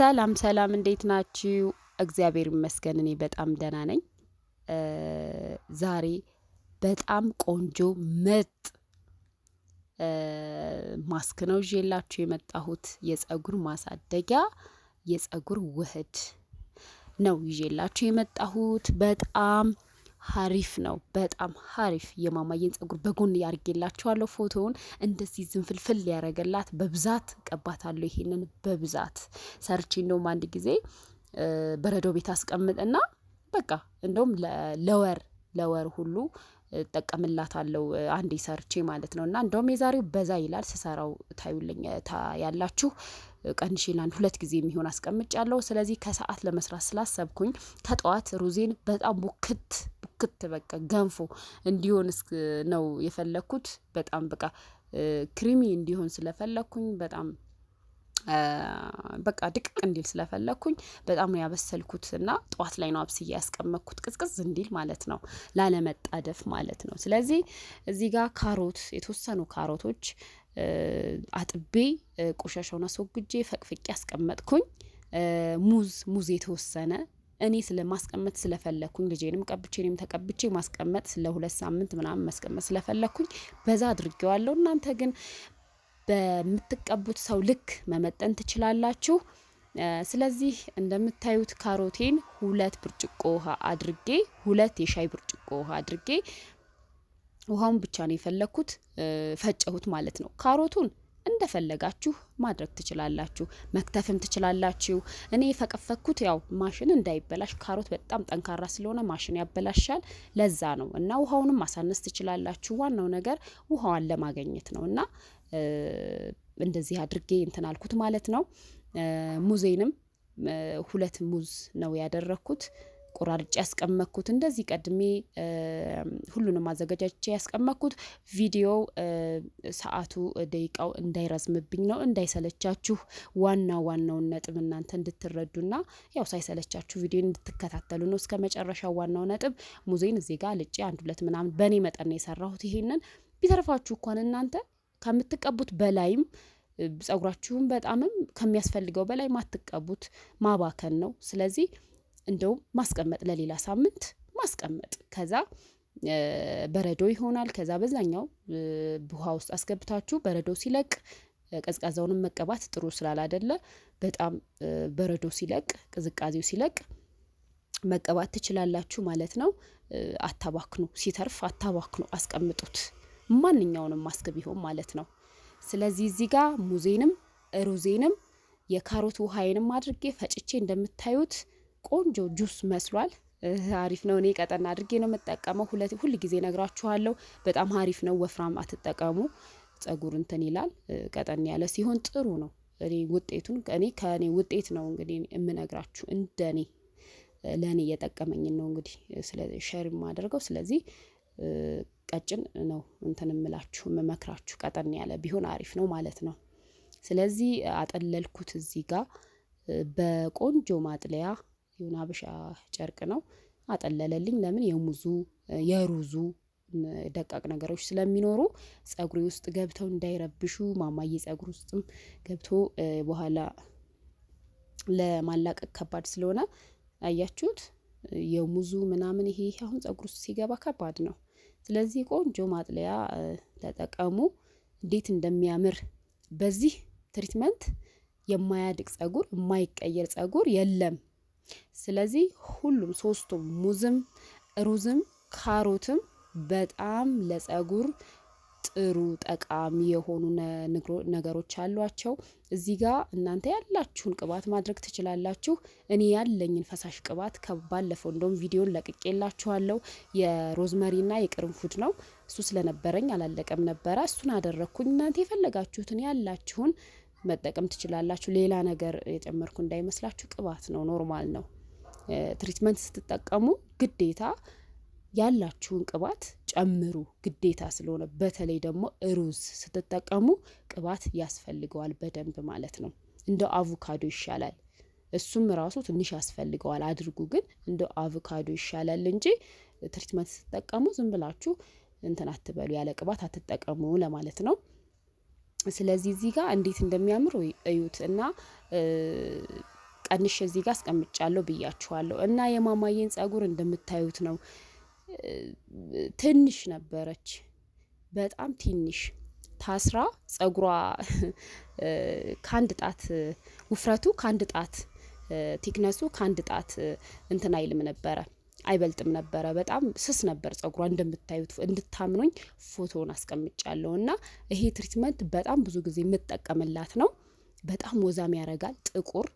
ሰላም ሰላም፣ እንዴት ናችሁ? እግዚአብሔር ይመስገን እኔ በጣም ደህና ነኝ። ዛሬ በጣም ቆንጆ ምርጥ ማስክ ነው ይዤላችሁ የመጣሁት። የጸጉር ማሳደጊያ የጸጉር ውህድ ነው ይዤላችሁ የመጣሁት በጣም ሀሪፍ ነው፣ በጣም ሀሪፍ። የማማዬን ጸጉር በጎን ያርጌላችኋለሁ ፎቶውን። እንደዚህ ዝንፍልፍል ያደረገላት በብዛት ቀባታለሁ። ይሄንን በብዛት ሰርቼ እንደውም አንድ ጊዜ በረዶ ቤት አስቀምጥና በቃ እንደውም ለወር ለወር ሁሉ እጠቀምላታለሁ አንዴ ሰርቼ ማለት ነው። እና እንደውም የዛሬው በዛ ይላል ስሰራው ታዩልኝ ታያላችሁ። ቀንሼ ለአንድ ሁለት ጊዜ የሚሆን አስቀምጫለሁ። ስለዚህ ከሰዓት ለመስራት ስላሰብኩኝ ከጠዋት ሩዜን በጣም ቡክት ክት በቃ ገንፎ እንዲሆን ነው የፈለግኩት። በጣም በቃ ክሪሚ እንዲሆን ስለፈለግኩኝ በጣም በቃ ድቅቅ እንዲል ስለፈለግኩኝ በጣም ነው ያበሰልኩት እና ጠዋት ላይ ነው አብስዬ ያስቀመጥኩት ቅዝቅዝ እንዲል ማለት ነው፣ ላለመጣደፍ ማለት ነው። ስለዚህ እዚህ ጋር ካሮት የተወሰኑ ካሮቶች አጥቤ ቆሻሻውን አስወግጄ ፈቅፍቄ ያስቀመጥኩኝ ሙዝ ሙዝ የተወሰነ እኔ ስለማስቀመጥ ስለፈለኩኝ ልጄንም ቀብቼንም ተቀብቼ ማስቀመጥ ስለሁለት ሳምንት ምናምን ማስቀመጥ ስለፈለኩኝ በዛ አድርጌዋለሁ። እናንተ ግን በምትቀቡት ሰው ልክ መመጠን ትችላላችሁ። ስለዚህ እንደምታዩት ካሮቴን ሁለት ብርጭቆ ውሃ አድርጌ ሁለት የሻይ ብርጭቆ ውሃ አድርጌ ውሃውን ብቻ ነው የፈለኩት፣ ፈጨሁት ማለት ነው ካሮቱን እንደፈለጋችሁ ማድረግ ትችላላችሁ፣ መክተፍም ትችላላችሁ። እኔ የፈቀፈኩት ያው ማሽን እንዳይበላሽ፣ ካሮት በጣም ጠንካራ ስለሆነ ማሽን ያበላሻል። ለዛ ነው እና ውሃውንም ማሳነስ ትችላላችሁ። ዋናው ነገር ውሃዋን ለማገኘት ነው እና እንደዚህ አድርጌ እንትን አልኩት ማለት ነው። ሙዜንም ሁለት ሙዝ ነው ያደረኩት። ቆራርጬ ያስቀመጥኩት እንደዚህ ቀድሜ ሁሉንም አዘጋጃቼ ያስቀመጥኩት ቪዲዮ ሰዓቱ ደቂቃው እንዳይረዝምብኝ ነው። እንዳይሰለቻችሁ ዋና ዋናውን ነጥብ እናንተ እንድትረዱና ያው ሳይሰለቻችሁ ቪዲዮ እንድትከታተሉ ነው እስከ መጨረሻው። ዋናው ነጥብ ሙዜን እዚህ ጋር ልጬ አንድ ሁለት ምናምን በእኔ መጠን ነው የሰራሁት። ይሄንን ቢተርፋችሁ እንኳን እናንተ ከምትቀቡት በላይም ጸጉራችሁን በጣምም ከሚያስፈልገው በላይ ማትቀቡት ማባከን ነው። ስለዚህ እንደውም ማስቀመጥ ለሌላ ሳምንት ማስቀመጥ ከዛ በረዶ ይሆናል። ከዛ በዛኛው ውሃ ውስጥ አስገብታችሁ በረዶ ሲለቅ ቀዝቃዛውንም መቀባት ጥሩ ስላላደለ በጣም በረዶ ሲለቅ ቅዝቃዜው ሲለቅ መቀባት ትችላላችሁ ማለት ነው። አታባክኑ፣ ሲተርፍ አታባክኑ፣ አስቀምጡት። ማንኛውንም ማስክ ቢሆን ማለት ነው። ስለዚህ እዚህ ጋር ሙዜንም ሩዜንም የካሮት ውሃዬንም አድርጌ ፈጭቼ እንደምታዩት ቆንጆ ጁስ መስሏል። አሪፍ ነው። እኔ ቀጠና አድርጌ ነው የምጠቀመው። ሁለት ሁል ጊዜ ነግራችኋለሁ። በጣም አሪፍ ነው። ወፍራም አትጠቀሙ። ጸጉር እንትን ይላል። ቀጠን ያለ ሲሆን ጥሩ ነው። እኔ ውጤቱን እኔ ከእኔ ውጤት ነው እንግዲህ የምነግራችሁ እንደኔ ለእኔ እየጠቀመኝን ነው እንግዲህ ስለዚህ ሸር የማደርገው ስለዚህ ቀጭን ነው እንትን የምላችሁ የምመክራችሁ ቀጠን ያለ ቢሆን አሪፍ ነው ማለት ነው። ስለዚህ አጠለልኩት እዚህ ጋር በቆንጆ ማጥለያ የሆነ ሀበሻ ጨርቅ ነው። አጠለለልኝ። ለምን የሙዙ የሩዙ ደቃቅ ነገሮች ስለሚኖሩ ፀጉሬ ውስጥ ገብተው እንዳይረብሹ ማማዬ ፀጉር ውስጥም ገብቶ በኋላ ለማላቀቅ ከባድ ስለሆነ አያችሁት፣ የሙዙ ምናምን ይሄ አሁን ፀጉር ውስጥ ሲገባ ከባድ ነው። ስለዚህ ቆንጆ ማጥለያ ተጠቀሙ። እንዴት እንደሚያምር በዚህ ትሪትመንት የማያድግ ፀጉር፣ የማይቀየር ፀጉር የለም። ስለዚህ ሁሉም ሶስቱም ሙዝም፣ ሩዝም፣ ካሮትም በጣም ለፀጉር ጥሩ ጠቃሚ የሆኑ ነገሮች አሏቸው። እዚህ ጋ እናንተ ያላችሁን ቅባት ማድረግ ትችላላችሁ። እኔ ያለኝን ፈሳሽ ቅባት ከባለፈው እንደውም ቪዲዮን ለቅቄላችኋለሁ። የሮዝመሪና የቅርንፉድ ነው። እሱ ስለነበረኝ አላለቀም ነበረ። እሱን አደረግኩኝ። እናንተ የፈለጋችሁትን ያላችሁን መጠቀም ትችላላችሁ። ሌላ ነገር የጨመርኩ እንዳይመስላችሁ ቅባት ነው፣ ኖርማል ነው። ትሪትመንት ስትጠቀሙ ግዴታ ያላችሁን ቅባት ጨምሩ፣ ግዴታ ስለሆነ። በተለይ ደግሞ ሩዝ ስትጠቀሙ ቅባት ያስፈልገዋል በደንብ ማለት ነው። እንደ አቮካዶ ይሻላል፣ እሱም ራሱ ትንሽ ያስፈልገዋል አድርጉ። ግን እንደ አቮካዶ ይሻላል እንጂ ትሪትመንት ስትጠቀሙ ዝም ብላችሁ እንትን አትበሉ፣ ያለ ቅባት አትጠቀሙ ለማለት ነው። ስለዚህ እዚህ ጋር እንዴት እንደሚያምር እዩት እና ቀንሽ እዚህ ጋር አስቀምጫለሁ ብያችኋለሁ። እና የማማዬን ጸጉር እንደምታዩት ነው። ትንሽ ነበረች፣ በጣም ትንሽ ታስራ ጸጉሯ ከአንድ ጣት ውፍረቱ ከአንድ ጣት ቲክነሱ ከአንድ ጣት እንትን አይልም ነበረ። አይበልጥም ነበረ። በጣም ስስ ነበር ጸጉሯ እንደምታዩት። እንድታምኑኝ ፎቶውን አስቀምጫለሁ እና ይሄ ትሪትመንት በጣም ብዙ ጊዜ የምጠቀምላት ነው። በጣም ወዛም ያረጋል፣ ጥቁር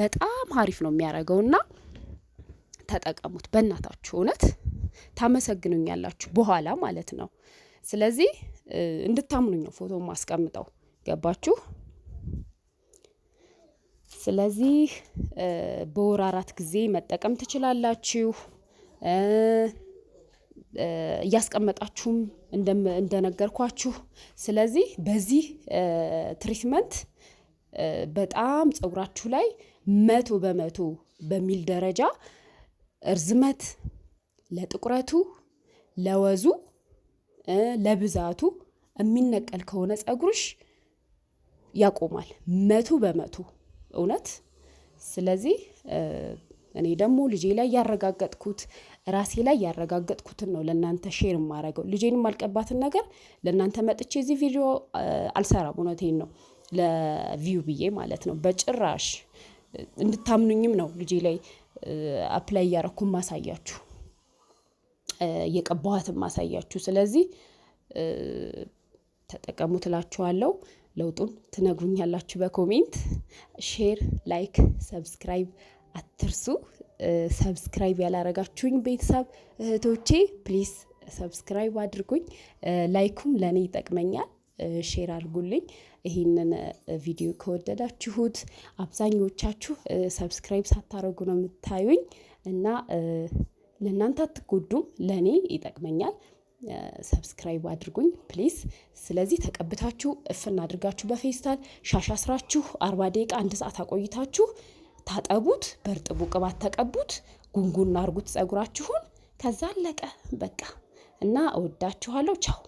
በጣም አሪፍ ነው የሚያረገው እና ተጠቀሙት በእናታችሁ እውነት ታመሰግኑኛላችሁ በኋላ ማለት ነው። ስለዚህ እንድታምኑኝ ነው ፎቶ ማስቀምጠው ገባችሁ? ስለዚህ በወር አራት ጊዜ መጠቀም ትችላላችሁ። እያስቀመጣችሁም እንደነገርኳችሁ። ስለዚህ በዚህ ትሪትመንት በጣም ፀጉራችሁ ላይ መቶ በመቶ በሚል ደረጃ እርዝመት ለጥቁረቱ፣ ለወዙ፣ ለብዛቱ የሚነቀል ከሆነ ፀጉርሽ ያቆማል መቶ በመቶ እውነት። ስለዚህ እኔ ደግሞ ልጄ ላይ ያረጋገጥኩት ራሴ ላይ ያረጋገጥኩትን ነው ለእናንተ ሼር የማደርገው። ልጄን የማልቀባትን ነገር ለእናንተ መጥቼ እዚህ ቪዲዮ አልሰራም። እውነቴን ነው ለቪው ብዬ ማለት ነው። በጭራሽ እንድታምኑኝም ነው ልጄ ላይ አፕላይ እያረኩ ማሳያችሁ፣ የቀባኋትን ማሳያችሁ። ስለዚህ ተጠቀሙ ትላችኋለሁ። ለውጡን ትነግሩኛላችሁ በኮሜንት ሼር፣ ላይክ፣ ሰብስክራይብ አትርሱ። ሰብስክራይብ ያላረጋችሁኝ ቤተሰብ እህቶቼ ፕሊስ ሰብስክራይብ አድርጉኝ። ላይኩም ለእኔ ይጠቅመኛል። ሼር አድርጉልኝ። ይህንን ቪዲዮ ከወደዳችሁት አብዛኞቻችሁ ሰብስክራይብ ሳታረጉ ነው የምታዩኝ እና ለእናንተ አትጎዱም፣ ለእኔ ይጠቅመኛል። ሰብስክራይብ አድርጉኝ ፕሊስ ስለዚህ ተቀብታችሁ እፍን አድርጋችሁ በፌስታል ሻሽ አስራችሁ አርባ ደቂቃ አንድ ሰዓት አቆይታችሁ ታጠቡት፣ በእርጥቡ ቅባት ተቀቡት፣ ጉንጉን አርጉት ጸጉራችሁን። ከዛ አለቀ በቃ። እና እወዳችኋለሁ። ቻው